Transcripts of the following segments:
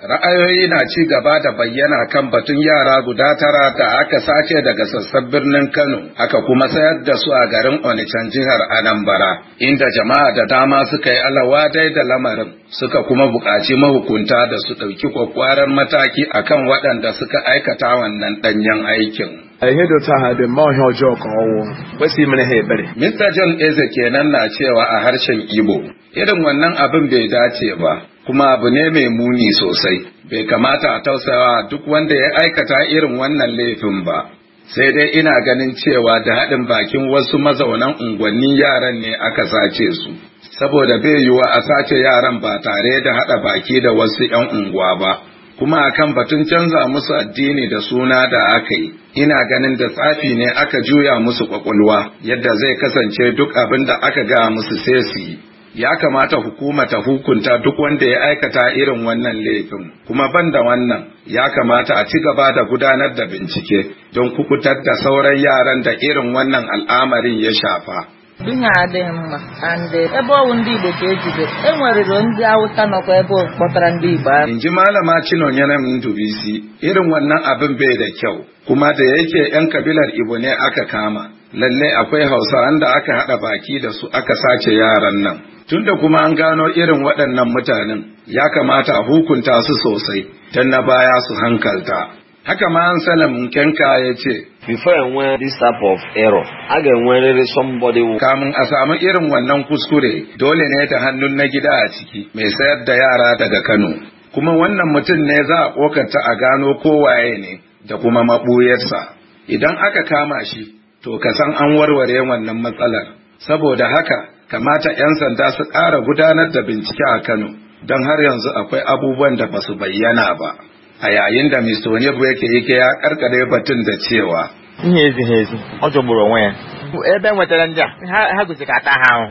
Ra'ayoyi na ci gaba da bayyana kan batun yara guda tara da aka sace daga sassan birnin Kano, aka kuma sayar da su a garin Onitshan jihar Anambra, inda jama'a da dama suka yi alawa dai da lamarin, suka kuma buƙaci mahukunta da su ɗauki kwakwaran mataki akan waɗanda suka aikata wannan ɗanyen aikin. A dota ha dị mma ọhịa ọjọọ ka ọnwụ kwesị Mr. John Eze kenan na cewa a harshen Igbo irin wannan abin bai dace ba kuma abu ne mai muni sosai bai kamata a tausawa duk wanda ya aikata irin wannan laifin ba sai dai ina ganin cewa da haɗin bakin wasu mazaunan unguwannin yaran ne aka sace su saboda bai yiwuwa a sace yaran ba tare da haɗa baki da wasu 'yan unguwa ba kuma akan batun canza musu addini da suna da aka yi ina ganin da tsafi ne aka juya musu kwakwalwa yadda zai kasance duk abin da aka ga musu sai su yi ya kamata hukuma ta hukunta duk wanda ya aikata irin wannan laifin kuma ban da wannan ya kamata a ci gaba da gudanar da bincike don kukutar da sauran yaran da irin wannan al'amarin ya shafa ihe adị mma and ebe ọwụ ndị ebo e inji malama Chinonyere irin wannan abin bai da kyau kuma da yake 'yan kabilar ibo ne aka kama lallai akwai hausawan da aka haɗa baki da su aka sace yaran nan tunda kuma an gano irin waɗannan mutanen ya kamata a hukunta su sosai don na baya su hankalta haka ma an salamin kenka ya ce before enwere this type of error a ga-enweriri somebody will kamun a samu irin wannan kuskure dole ne ta hannun na gida a ciki mai sayar da yara daga kano kuma wannan mutum ne za a kokanta a gano kowaye ne da kuma maɓuyarsa idan aka kama shi to ka san an warware wannan matsalar saboda haka kamata 'yan sanda su ƙara gudanar da bincike a Kano don har yanzu akwai abubuwan da ba su bayyana ba a yayin da Mr. yake yake ya karkare batun da cewa ya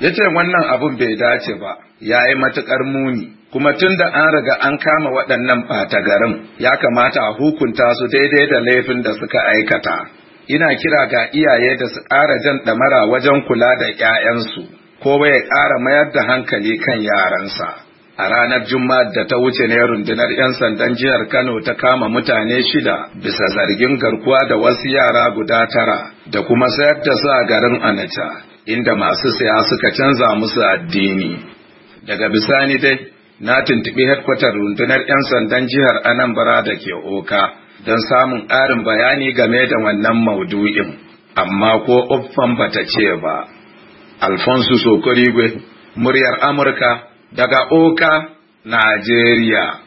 ya ce wannan abun bai dace ba ya yi matukar muni kuma tun da an riga an kama waɗannan ɓata garin ya kamata a hukunta su daidai da laifin da suka aikata ina kira ga iyaye da su ƙara jan ɗamara wajen kula da 'ya'yansu kowa ya ƙara mayar da hankali kan yaransa a ranar juma'a da ta wuce ne rundunar 'yan sandan jihar kano ta kama mutane shida bisa zargin garkuwa da wasu yara guda tara da kuma sayar da su a garin anacha inda masu saya suka canza musu addini daga bisani dai na tuntuɓi hedkwatar rundunar 'yan sandan jihar anambra da ke oka don samun ƙarin bayani game da wannan maudu'in amma ko uffan ta ce ba alfonso sokorigwe muryar amurka daga oka najeriya